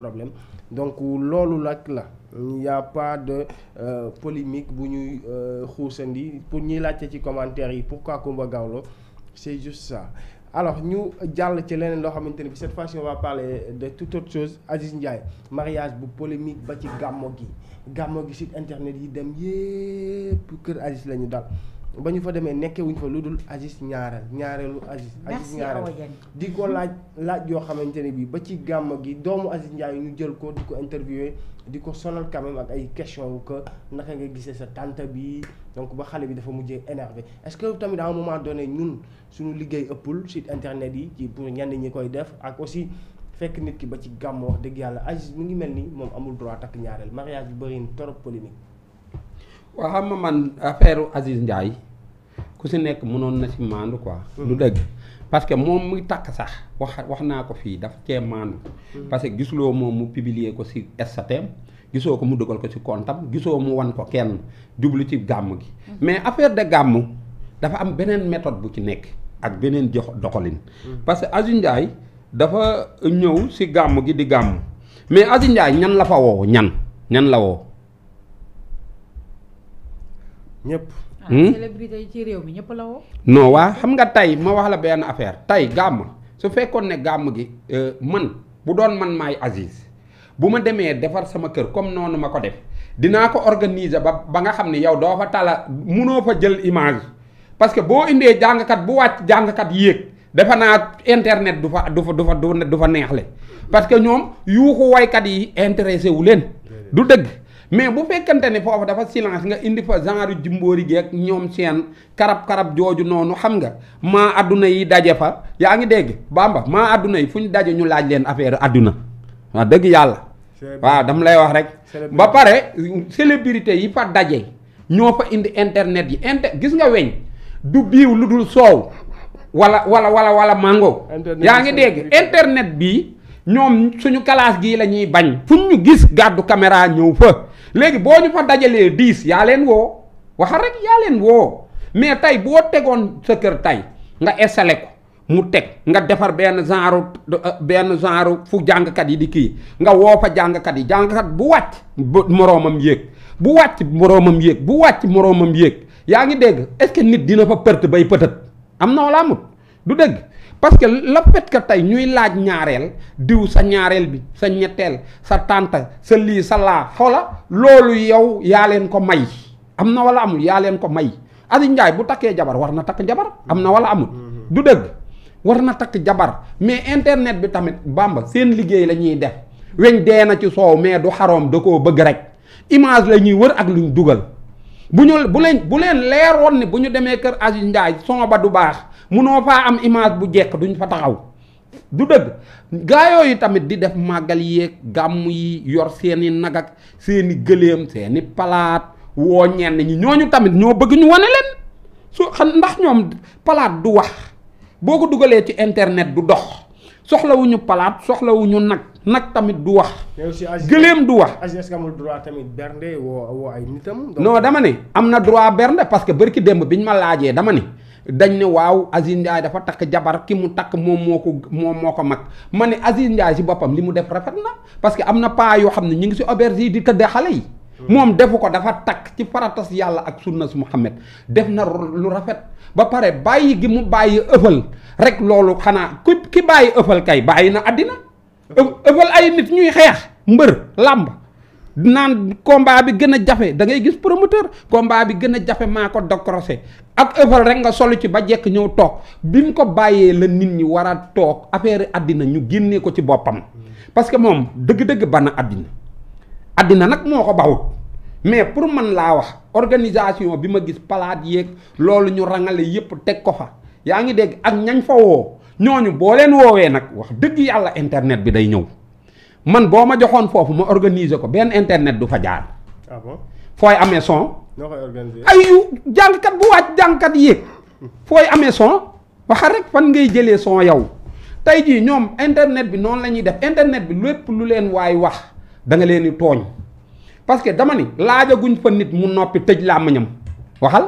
problème donc loolu nag la ya pas de euh, polémique bu ñuy euh, xuusandi pour ñuy laajte ci commentaire yi pour pourquoi Coumba Gawlo c'est juste ça alors ñu jàll ci leneen loo xamante ne bi cette fois-ci on va parler de toute autre chose Aziz Ndiaye mariage bu polémique ba ci gàmmo gi gàmmo gi site internet yi dem yépp kër Aziz lañu ñu dal ba ñu fa demee nekkee wuñ fa lu dul Aziz ñaareel ñaareelu Aziz Aziz ñaareel di ko laaj laaj yoo xamante ne bii ba ci gàmm gi doomu Aziz Ndiaye ñu jël ko di ko interviewé di ko sonal quand même ak ay question wu que naka nga gisee sa tante bi donc ba xale bi dafa mujjee énervé est-ce que tamit à un moment donné ñun suñu liggéey ëppul site internet yi ci pour ñenn ñi koy def ak aussi fekk nit ki ba ci gàmm wax dëgg yàlla Aziz mu ngi mel ni moom amul droit takk ñaareel mariage bi bëri na trop polémique. waaw xam nga man affaire Aziz Ndiaye. ku si nekk mënoon na si maandu quoi. Hmm. lu dëgg parce que moom muy takk sax wax wax naa ko fii daf cee maandu. Hmm. parce que gisuloo moom mu publier ko si SATM gisoo ko mu dugal ko si kontam gisoo mu wan ko kenn jublu ci gàmmu gi. Hmm. mais affaire de gàmmu dafa am beneen méthode bu ci nekk ak beneen jox doxalin. parce que Aziz dafa ñëw si gàmm gi di gàmm mais Aziz ñan la fa woo ñan ñan la woo. ñëpp. Hmm? célébrité ci réew mi ñëpp la woo. non waa xam nga tey ma wax la benn affaire tey gàmm su fekkoon ne gàmm gi euh, man bu doon man maay Aziz bu ma demee defar sama kër comme noonu ma ko def dinaa ko organiser ba ba nga xam ne yow doo fa tala munoo fa jël image parce que boo indee jàngkat bu wàcc jàngkat yéeg defe naa internet du fa du fa du fa du fa neexle parce que ñoom yuuxu woykat yi intéressé wu leen du dëgg. mais bu fekkante ni foofu dafa silence nga indi fa genre jimboori geeg ñoom seen karab-karab jooju noonu xam nga maa àdduna yi daje fa yaa ngi dégg bamba maa adduna yi fu ñu daje ñu laaj leen affaire àdduna waaw dëgg yàlla waaw dam lay wax rek ba pare célébrité yi fa daje ñoo fa indi internet yi inter gis nga weñ du biiw lu dul soow wala wala wala wala mango yaa ngi dégg internet bi ñoom suñu classe gii la ñuy bañ fu ñu gis gàddu caméra ñëw fa léegi boo ñu fa dajalee dix yaa leen woo waxal rek yaa leen woo mais tey boo tegoon sa kër tey nga installé ko mu teg nga defar benn genre benn genre fu jàngkat yi di kii nga woo fa jàngkat yi jàngkat bu wàcc moroomam yéeg bu wàcc moroomam yéeg bu wàcc moroomam yéeg yaa ngi dégg est-ce que nit dina fa perte bay pëtët am na wala amut du dégg parce que la tey ñuy laaj ñaareel diw sa ñaareel bi sa ñetteel sa tante sa lii sa laa xoola loolu yow yaa leen ko may am na wala amul yaa leen ko may Aziz Ndiaye bu takkee jabar war na takk jabar am na wala amul mm-hmm. du dëgg war na takk jabar mais internet bi tamit bamba seen liggéey lañuy def weñ dee na ci soow mais du xarom da koo bëgg rek image la ñuy wër ak luñ dugal bu ñu bu leen bu leen leeroon ni bu ñu demee kër Aziz Ndiaye son ba du baax munoo faa am image bu jekk duñ fa taxaw du dëgg gaa yooyu tamit di def màggal yeeg gàmm yi yor seeni nag ak seeni gëléem seeni palaat woo ñenn ñi ñooñu tamit ñoo bëgg ñu wane leen su xam ndax ñoom palaat du wax boo ko dugalee ci internet du dox soxlawuñu palaat soxlawuñu nag nag tamit du wax. gëléem du wax. AGS amul tamit bernde woo woo ay nitam. dama ne am na droit bernde parce que bërki démb ñu ma laajee dama ne. dañ ne waaw Aziz Ndiaye dafa takk jabar ki mu takk moom moo ko moom moo ko mag ma ne Aziz Ndiaye si boppam li mu def rafet na parce que am na paa yoo xam ne ñu ngi si auberge di tëddee xale yi. moom defu ko dafa takk ci faratas yàlla ak sunnas Muhammad def na lu rafet ba pare bàyyi gi mu bàyyi ëffal rek loolu xanaa ku ki bàyyi ëffal kay bàyyi na àddina ëffal ay nit ñuy xeex mbër làmb naan combat bi gën a jafe da ngay gis promoteur combat bi gën a jafe maa ko décroché ak ëppal rek nga solu ci ba jekk ñëw toog bi mu ko bàyyee la nit ñi war a toog affaire àddina ñu génnee ko ci boppam. parce que moom dëgg-dëgg bana àddina àddina nag moo ko bawut mais pour man laa wax organisation bi ma gis palaat yeeg loolu ñu rangale yépp teg ko fa yaa ngi dégg ak ñañ fa woo ñooñu boo leen woowee nag wax dëgg yàlla internet bi day ñëw. man boo ma joxoon foofu ma organiser ko benn internet du fa jaar. ah fooy amee son. ñoo koy organiser ayu jàngkat bu wàcc jàngkat yéeg. fooy amee son waxa rek fan ngay jëlee son yow tey jii ñoom internet bi noonu la ñuy def internet bi lépp lu leen waay wax da nga leen di tooñ parce que dama ni laajaguñ fa nit mu noppi tëj làmmiñam waxal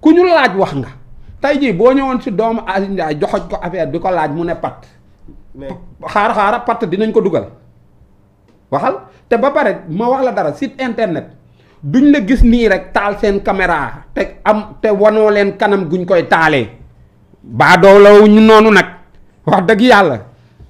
ku ñu laaj wax nga tey jii boo ñëwoon si doomu Aziz Ndiaye joxoj ko affaire bi ko laaj mu ne pat. mais xaar xaar patt dinañ ko dugal waxal te ba pare ma wax la dara site internet duñ la gis nii rek taal seen caméra te am te wanoo leen kanam gu guñ koy taalee baadoo ñu noonu nag wax dëgg yàlla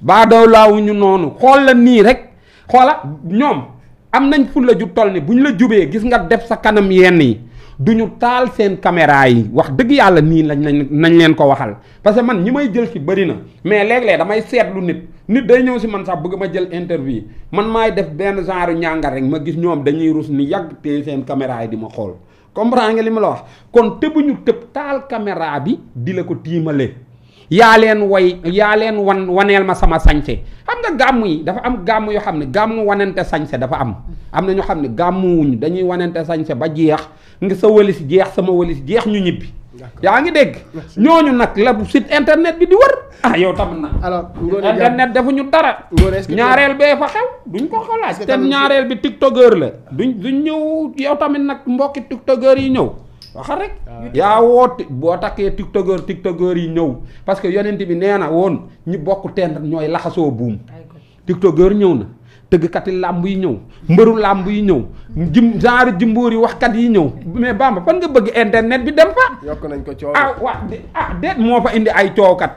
baadoo ñu noonu xool la nii rek xoola ñoom am nañ fulla ju toll ni ñu la jubee gis nga def sa kanam yenn yi du ñu taal seen caméra yi wax dëgg yàlla nii lañ nañ nañ leen ko waxal parce que man ñi may jël ci bëri na mais léeg-léeg damay seetlu nit nit day ñëw si man sax bëgg ma jël interview man maa def benn genre ñàngar rek ma gis ñoom dañuy rus ni yàgg te seen caméra yi di ma xool comprendre nga li ma la wax kon te ñu tëb taal caméra bi di la ko tiimale yaa leen woy yaa leen wan waneel ma sama sañse xam nga gàmm yi dafa am gàmm yoo xam ne gàmm wanante sañse dafa am am na ñoo xam ne gàmmuwuñu dañuy wanante sañse ba jeex nga sa walis jeex sama walis jeex ñu ñibbi yaa ngi dégg ñooñu nag la site internet bi di wër ah yow tam na alors internet defuñu dara ñaareel bee fa xew duñ ko xalaat te ñaareel bi tiktokeur la duñ duñ ñëw yow tamit nag mbokki tiktokeur yi ñëw waxal rek ah. yaa woote boo takkee tiktokeur tiktokeur yi ñëw parce que yonent bi nee na woon ñi bokk teen ñooy laxasoo buum tiktokeur ñëw na tëggkati làmb yi ñëw mbëru làmb yi ñëw jim genre jimboor yi waxkat yi ñëw mais Bamba fan nga bëgg internet bi dem fa yokk nañ ko coow ah waa ah moo fa indi ay coowkat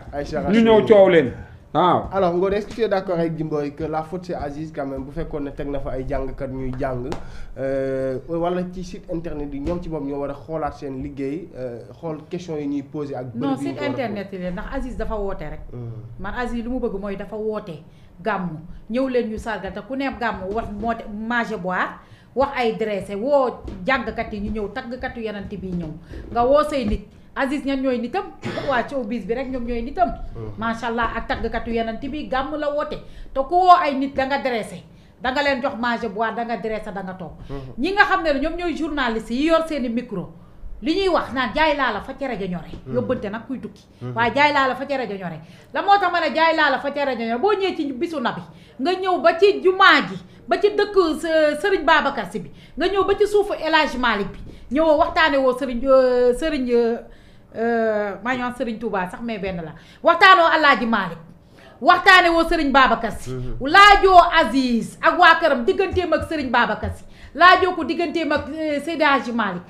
ñu ñëw coow leen waaw alors Ngor est-ce que tu d'accord avec Jimbo que la faute c'est Aziz quand même bu fekkoon ne teg na fa ay jàngkat ñuy jàng euh, wala ci site internet yi ñoom ci moom ñoo war a xoolaat seen liggéey euh, xool question yi ñuy poser ak. non site internet yi leen ndax Aziz dafa woote rek. Hmm. man Aziz lu mu bëgg mooy dafa woote gàmmu ñëw leen ñu sargal te ku ne gàmmu wax moo manger boire wax ay dressé woo jàngkat yi ñu ñëw taggkat yu yeneen bi ñëw nga woo say nit. Aziz ñan ñooy nitam waa coow bis bi rek ñoom ñooy nitam. Oh. macha allah ak tàggkatu yeneen bi gàmm la woote te ku woo ay nit da nga dressé. danga leen jox manger boire danga dressé danga toog. Oh. ñi nga xam ne ñoom ñooy journaliste yi yor seeni micro. li ñuy wax naan jaay laa la fa ca rajo ñore. Hmm. yóbbante nag kuy tukki. Hmm. waaye jaay laa la fa ca rajo ñore. la moo tax ma ne jaay laa la fa ca rajo ñore boo ñëwee ci bisu nabi nga ñëw ba ci jumaa ji ba ci dëkk Serigne Babacar Sy bi nga ñëw ba ci suufu El Hadj Malick bi ñëwoo waxtaanee woo Serigne euh, Serigne. Euh, Euh, maa ñëwaat Serigne Touba sax mais benn la waxtaanoo Alaaji Malick waxtaane woo Serigne Babacar Sy. Mhm. laajoo Aziz ak waa këram digganteem ak Serigne Babacar Sy. laajoo ko digganteem ak euh, Seydi Hadji Malick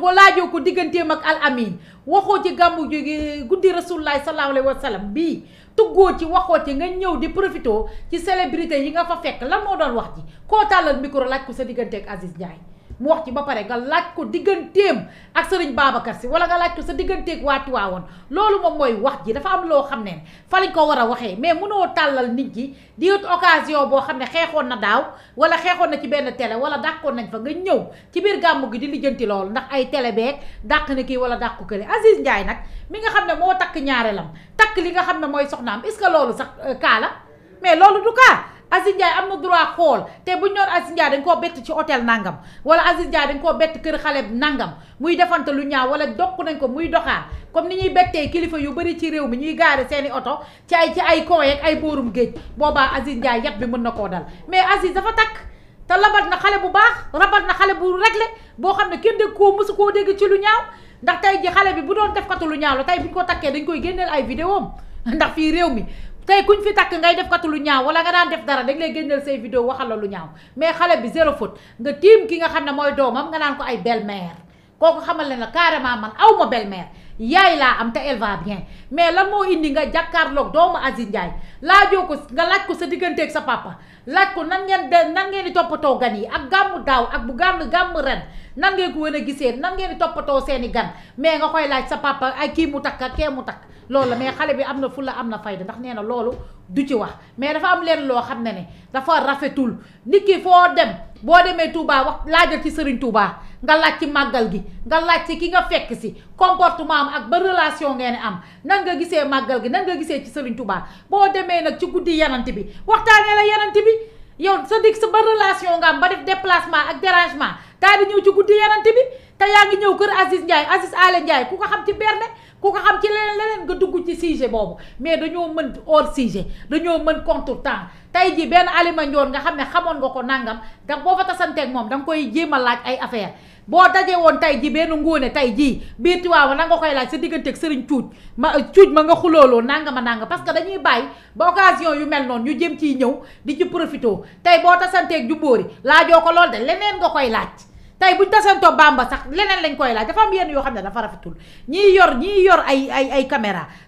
ko laajoo ko digganteem ak Al Amin waxoo ci gàmmu jóge guddi rasulullahi sallallahu alayhi wa sallam bii tuggoo ci waxoo ci nga ñëw di profité ci célébrité yi nga fa fekk lan moo doon wax ji koo tàllal micro laaj ko sa digganteek ak Aziz mu wax ci ba pare nga laaj ko digganteem ak sëriñ Babacar si wala nga laaj ko sa digganteeg waa Tiwaawoon loolu moom mooy wax ji dafa am loo xam ne fa lañ ko war a waxee mais mënoo tàllal nit gi di wut boo xam ne xeexoon na daaw wala xeexoon na ci benn télé wala dàqoon nañ fa nga ñëw ci biir gàmmu gi di lijjanti loolu ndax ay télé beeg kii wala dàq ko kële Aziz Ndiaye nag mi nga xam ne moo takk ñaareelam takk li nga xam ne mooy soxnaam que loolu sax kaa euh, mais loolu du kaa Aziz Ndiaye am na droit xool te buñ ñu doon Aziz dañ koo bett ci hôtel nangam wala Aziz Ndiaye dañ koo bett kër xale nangam muy defante lu ñaaw wala dokk nañ ko muy doxaar comme ni ñuy bettee kilifa yu bëri ci réew mi ñuy gaare seeni oto ci ay ci ay koo yeeg ay bóorum géej boobaa Aziz Ndiaye yat bi mën na koo dal mais Aziz dafa takk. te labat na xale bu baax rabat na xale bu réglé boo xam ne kenn dëgg koo mësu koo dégg ci lu ñaaw ndax tey ji xale bi bu doon defkatu lu ñaaw la tey bu ñu takkee dañ koy génneel ay vidéo ndax fii réew mi tey kuñ fi takk ngay def katu lu ñaaw wala nga daan def dara dañ lay génneel say vidéo waxal la lu ñaaw mais xale bi zéro faute nga tiim ki nga xam ne mooy doomam nga naan ko ay belle-mère kooku xamal leen la carrément man aw ma belle-mère yaay laa am te elle bien mais lan moo indi nga jàkkaarloog doomu Aziz Ndiaye laajoo ko nga laaj ko sa digganteek sa papa laaj ko nan ngeen de nan ngeen di toppatoo gan yi ak gàmmu daaw ak bu gàmm gàmm ren nan ngeen ko wane gisee nan ngeen di toppatoo seeni gan mais nga koy laaj sa papa ay kii mu takk ak kee mu takk loolu mais xale bi am na fulla am na fay fayda ndax nee na loolu du ci wax mais dafa am lenn loo xam ne ne dafa rafetul nit ki foo dem. boo demee Touba wax laajal ci Serigne Touba nga laaj ci màggal gi nga laaj ci ki nga fekk si comportement ak ba relation ngeen am nan nga gisee màggal gi nan nga gisee ci Serigne Touba boo demee nag ci guddi yanant bi waxtaanee la yanant bi yow sa dig sa ba relation nga am ba def déplacement ak dérangement daal di ñëw ci guddi yanant bi te yaa ngi ñëw kër Aziz Ndiaye Aziz Ale Ndiaye ku ko xam ci berne ku ko xam ci leneen leneen nga dugg ci sujet boobu mais dañoo mën hors sujet dañoo mën contre temps tey jii benn Alima Ndione nga xam ne xamoon nga ko nangam da boo fa tasanteek moom da koy jéem a laaj ay affaire boo dajee woon tey jii benn ngóone tey jii biir Tiwaawa na nga koy laaj sa digganteeg sëriñ cuuj ma cuuj ma nga xulooloo nangama nanga parce que dañuy bàyyi ba occasion yu mel noonu ñu jëm ciy ñëw di ci profité tey boo tasanteeg ju bóori laajoo ko lool de leneen nga koy laaj tey buñ tasantoo Bamba sax leneen lañ koy laaj dafa am yenn yoo xam ne dafa rafetul ñiy yor ñi yor ay ay ay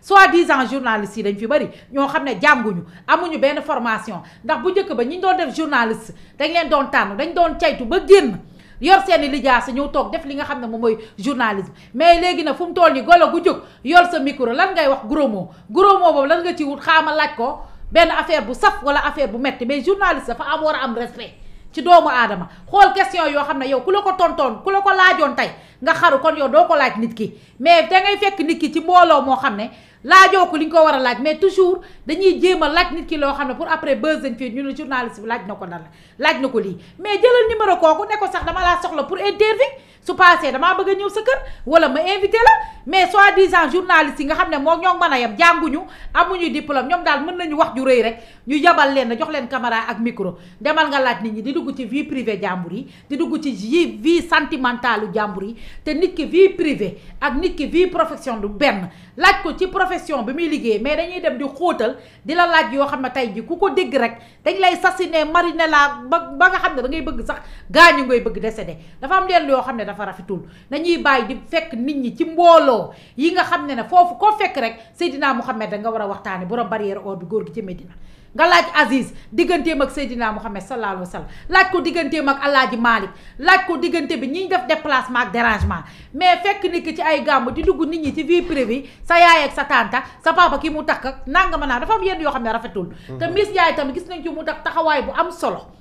soit soi-disant journalistes yi dañ fi bëri ñoo xam ne jànguñu amuñu benn formation ndax bu njëkk ba ñi doon def journaliste dañ leen doon tànn dañ doon caytu ba génn yor seen i lijaasa ñëw toog def li nga xam ne moom mooy journalisme mais léegi nag fu mu toll nii golo gu jóg yor sa micro lan ngay wax gros mot gros mot boobu lan nga ci wut xaamal laaj ko benn affaire bu saf wala affaire bu metti mais journaliste dafa am a am respect ci doomu aadama xool question yoo xam ne yow ku la ko tontoon ku la ko laajoon tey nga xaru kon yow doo ko laaj nit ki mais da ngay fekk nit ki ci mbooloo moo xam ne laajoo ko li ñu ko war a laaj mais toujours dañuy jéem a laaj nit ki loo xam ne pour après buzz dañ fii ñu ne journaliste bi laaj na ko dara laaj na ko lii mais jëlal numéro kooku ne ko sax dama laa soxla pour interview su passé damaa bëgg a ñëw sa kër wala ma invité la mais soi-disant journaliste yi nga xam ne moo ñoo mën a yem jànguñu amuñu ñoom daal mën nañu wax ju rëy rek ñu yabal leen na jox leen caméra ak micro demal nga laaj nit ñi di dugg ci vie privée jàmbur yi di dugg ci vie vie sentimentale jàmbur yi te nit ki vie privée ak nit ki vie profession du benn laaj ko ci profession bi muy liggéey mais dañuy dem di xóotal di la laaj yoo xam ne tey ji ku ko dégg rek dañ lay sasine marine laa ba ba nga xam ne da ngay bëgg sax gaañu ngay bëgg décédé dafa am leen yoo xam ne dafa rafetul dañuy bàyyi di fekk nit ñi ci mbooloo yi nga xam ne ne foofu koo fekk rek Seydina Mouhamed da nga war a waxtaane borom barrière or bi góor gi ci Medina nga laaj Aziz digganteem ak Seydina Mouhamed sallallahu alayhi wa sallam laaj ko digganteem ak Alaaji Malick laaj ko diggante bi ñiy def déplacement ak dérangement mais fekk nit ki ci ay gàmmu di dugg nit ñi ci vie privée sa yaay ak sa tanta sa papa ki mu takk ak ma naa dafa am yenn yoo xam ne rafetul mm-hmm. te Miss Ndiaye tamit gis nañ ci mu tax taxawaay bu am solo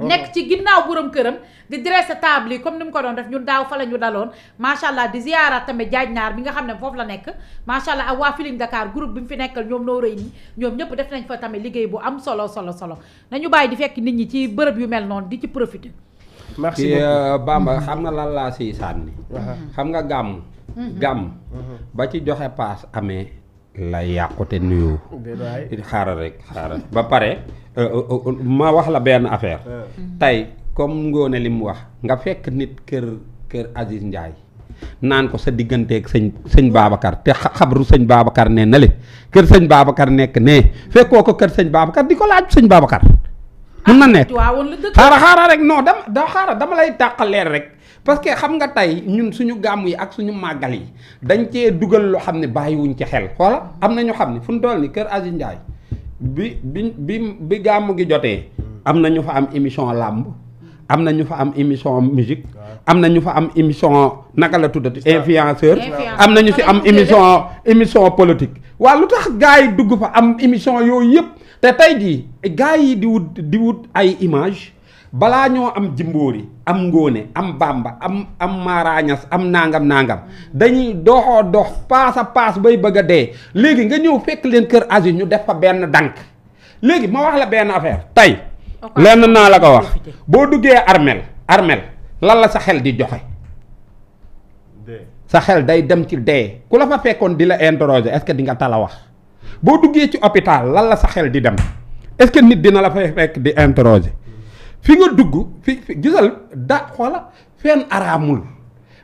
nekk ci ginnaaw borom këram di dressé table yi comme ni mu ko doon def ñun daaw fa la ñu daloon macha allah di ziara tamit jaaj naar bi nga xam ne foofu la nekk macha allah ak waa Feeling Dakar groupe bi mu fi nekkal ñoom noo rëy nii ñoom ñëpp def nañ fa tamit liggéey bu am solo solo solo nañu bàyyi di fekk nit ñi ci bërëb yu mel noonu di ci profité merci beaucoup euh, Bamba xam nga lan laa siy sànni xam nga gàmm mhm. gàmm mhm. ba ci joxe paas amee la yàqu te nuyoo. xaaral rek xaaral ba pare euh, euh, euh, ma wax la benn affaire. tey comme ngoone li mu wax nga fekk nit kër kër Aziz Ndiaye naan ko sa digganteek sëñ sëñ Babacar te xabru sëñ Babacar ne na le kër sëñ Babacar nekk ne fekkoo ko kër sëñ Babacar di ko laaj sëñ Babacar. mun na nekk ah, xaaral xaaral rek non dama da xaaral dama lay tàqal leer rek. parce que xam nga tey ñun suñu gàmm yi ak suñu màggal yi dañ cee dugal loo xam ne bàyyiwuñ ci xel xoola am na ñu xam ne fu mu toll ni kër Aziz Ndiaye bi bi bi bi gàmm gi jotee am na ñu fa am émission làmb am na ñu fa am émission musique am na ñu fa am émission naka la tuddati influenceur am na ñu si am émission émission politique waa lu tax gars yi dugg fa am émission yooyu yëpp te tey jii gars yi di wut di wut ay image balaa ñoo am jimbóori am ngóone am bamba am am maaraañas am nangam nangam dañuy doxoo dox paas a paas bay bëgg a dee léegi nga ñëw fekk leen kër asi ñu def fa benn dànk léegi ma wax la benn affaire tey lenn naa la ko wax boo duggee armel armel lan la sa xel di joxe sa xel day dem ci dee ku la fa fekkoon di la interroger est-ce que di nga tala wax boo duggee ci hôpital lan la sa xel di dem est-ce que nit dina la fay fekk di interroger fi nga dugg fi fi gisal da xoola fenn araamul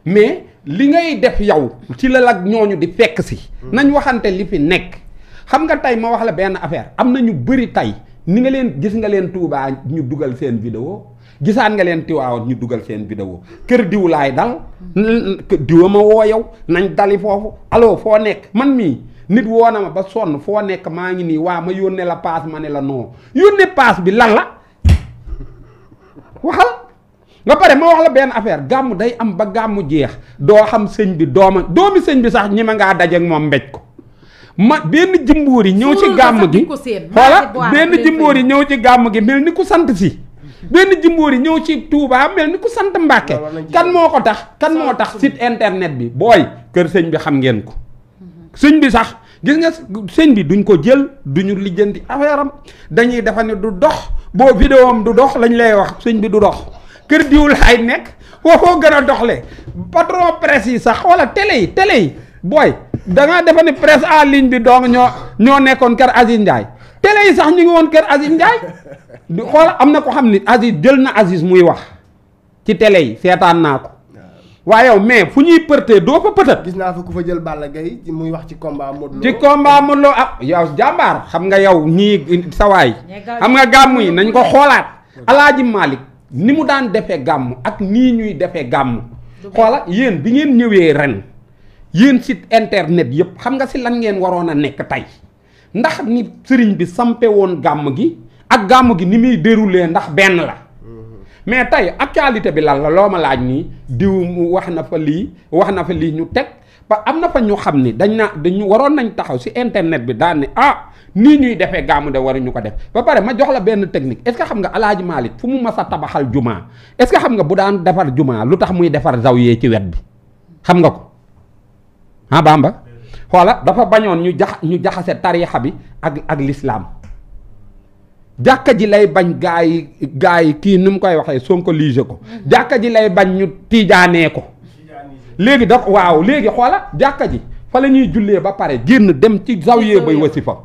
mais li ngay def yow ci la lag ñooñu di fekk si. Hmm. nañ waxante li fi nekk. xam nga tey ma wax la benn affaire am na ñu bëri tey ni nga leen gis nga leen Touba ñu dugal seen vidéo gisaan nga leen Tiwaawan ñu dugal seen vidéo kër diw laay dal. Hmm. diwa ma woo yow nañ dali foofu allo foo nekk man mii. nit woo na ba sonn foo nekk maa ngi nii waa ma yónnee la paas ma ne la non yónnee paas bi lan la. waxal nga pare ma wax la benn affaire gàmm day am ba gàmmu jeex doo xam sëñ bi dooma doomi sëñ bi sax ñi ma ngaa dajeeg moom mbéj ko ma benn jimbóor yi ñëw ci gàmm gi xoola benn jimbóor yi ñëw ci gàmm gi mel ni ku sant si benn jimbóor yi ñëw ci Touba mel ni ku sant Mbàkke kan moo ko tax kan moo tax sit internet bi booy kër sëñ bi xam ngeen ko sëñ bi sax gis nga sëñ bi duñ ko jël duñu lijjandi affaire am dañuy defa ne du dox boo vidéo am du dox lañu lay wax sëñ bi du dox kër diwul ay nekk foofoo gën a doxle patron presse yi sax wala tele yi tele yi booy da ngaa defa ne presse en ligne bi doom ñoo ñoo nekkoon kër Aziz Ndiaye tele yi sax ñu ngi woon kër Aziz Ndiaye du xool am na ko xam ni Aziz jël na Aziz muy wax ci tele yi seetaan naa ko waa yow mais fu ñuy përtee doo fa pëtat. gis naa fa ku fa jël Balla Gaye muy wax ci combat Modou Lo. ci combat Modou ah, yow jàmbaar xam nga yow ñii sawaay xam nga gàmm yi nañ ko xoolaat. alaaji Malick ni mu daan defee gàmm ak nii ñuy defee gàmm. xoola yéen bi ngeen ñëwee ren yéen site internet yëpp xam nga si lan ngeen waroon a nekk tey ndax ni sëriñ bi sampe woon gàmm gi ak gàmm gi ni muy déroulé ndax benn la. mais tey actualité bi lan la loo ma laaj nii diw mu wax na fa lii wax na fa lii ñu teg ba am na fa ñu xam ni dañ na dañu waroon nañ taxaw si internet bi daan ni ah nii ñuy defee gàmmu de waruñu ko def ba pare ma jox la benn technique est-ce que xam nga alaaji Malick fu mu mas a tabaxal jumaa est-ce que xam nga bu daan defar jumaa lu tax muy defar zawiyee ci wet bi xam nga ko ah Bamba xoola dafa bañoon ñu jax ñu jaxase tariixa bi ak ak lislaam jàkka ji lay bañ gaa yi gaa yi kii ni mu koy waxee Sonko liige ko jàkka ji lay bañ ñu tiijaanee ko léegi daf waaw léegi xoola jàkka ji fa la ñuy jullee ba pare génn dem ci zawiye bay wasifa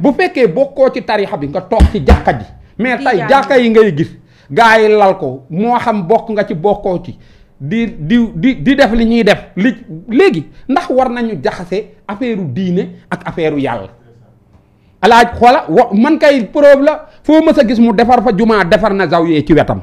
bu fekkee bokkoo ci tarixa bi nga toog ci jàkka ji mais tey jàkka yi ngay gis gaa yi lal ko moo xam bokk nga ci bokkoo ci di di di di def li ñuy def li léegi ndax war nañu jaxase affaireu diine ak affaireu yàlla alaaj xoola wa man kay preuve la foo mës a gis mu defar fa jumaa defar na zawye ci wetam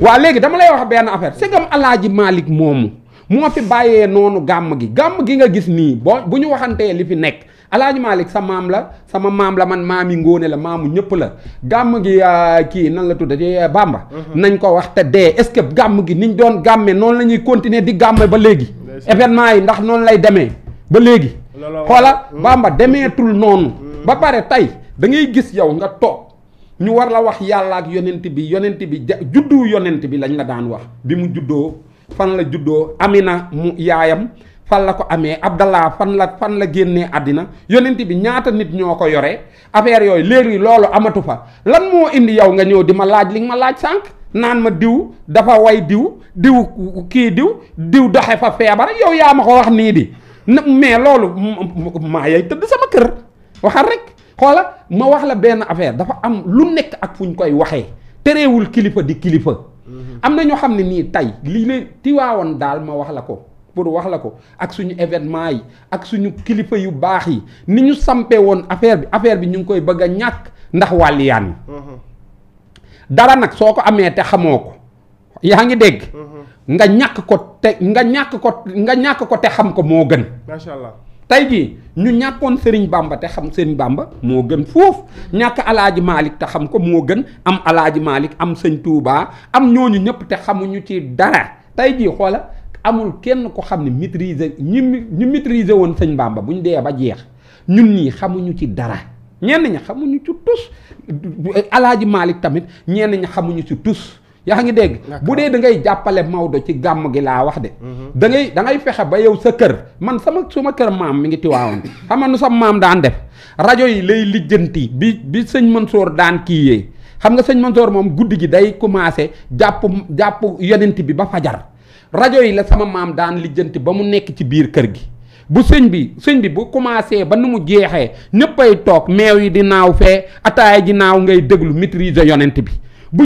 waa léegi dama lay wax benn affaire segam alaaji Malick moomu moo fi bàyyee noonu gàmm gi gàmm gi nga gis nii boo bu ñu waxantee li fi nekk alaaji Malick sa maam la sama maam la man maam yi ngóone la maamu ñëpp la gàmm gi ah, kii nan la tuddati eh, Bamba mhm. nañ ko wax te dee est-ce que gàmm gi niñ doon gàmmee noonu la ñuy continuer di gàmme ba léegi événement yi ndax noonu lay demee ba léegi xoola mhm. Bamba demeetul noonu ba pare tey da ngay gis yow nga toog ñu war la wax yàllaak ak yonent bi yonent bi ja judduw yonent bi lañ la daan wax bi mu juddoo fan la juddoo Amina mu yaayam fan la ko amee Abdallah fan la fan la génne àddina yonent bi ñaata nit ñoo ko yore affaire yooyu léegi loolu amatu fa lan moo indi yow nga ñëw di ma laaj li nga ma laaj sànq naan ma diw dafa woy diw diw kii diw diw doxe fa feebar yow yaa ma ko wax nii di mais loolu maa yay tëdd sama kër. waxal rek xoola ma wax la benn affaire dafa am lu nekk ak fu ñu koy waxee terewul kilifa di kilifa. Mhm. am na ñoo xam ne nii tey li leen tiwaawoon daal ma wax la ko pour wax la ko ak suñu événement yi ak suñu kilifa yu baax yi ni ñu sampee woon affaire bi affaire bi ñu ngi koy bëgg a ñàkk ndax wàlliyaan yi mhm. dara nag soo ko amee te xamoo ko yaa ngi dégg. Mhm. nga ñàkk ko te nga ñàkk ko nga ñàkk ko te xam ko moo gën. macha allah. tey jii ñu ñàkkoon Serigne bàmba te xam Serigne Bamba moo gën foofu ñàkk alaaji Malick te xam ko moo gën am alaaji Malick am sëñ Touba am ñooñu ñëpp te xamuñu ci dara tey jii xoola amul kenn ko xam ne mitrise ñi ñu maîtriser woon sëñ Bamba buñ dee ba jeex ñun ñii xamuñu ci dara ñenn ñi xamuñu ci tus alaaji Malick tamit ñenn ñi xamuñu ci tus yaa ngi dégg bu dee da ngay jàppale Maodo ci gàmm gi laa wax de mhm. da ngay da ngay fexe ba yow sa kër man sama suma kër maam mi ngi tiwaawoon xam nga nu sa maam daan def rajo yi lay lijjanti bi bi sëñ Mansoor daan kii xam nga sëñ Mansoor moom guddi gi day commencé jàpp jàpp yonent bi ba fajar rajo yi la sama maam daan lijjanti ba mu nekk ci biir kër gi bu sëñ bi sëñ bi bu commencé ba nu mu jeexee ñëppay toog meew yi di naaw fee ataaya ji naaw ngay déglu maîtriser yonent bi